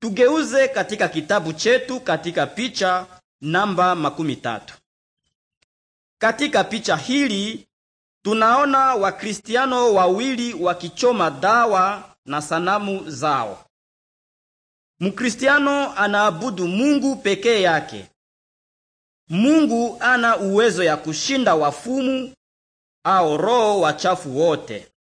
Tugeuze katika kitabu chetu katika picha namba makumi tatu. Katika picha hili tunaona Wakristiano wawili wakichoma dawa na sanamu zao. Mkristiano anaabudu Mungu pekee yake. Mungu ana uwezo ya kushinda wafumu au roho wachafu wote.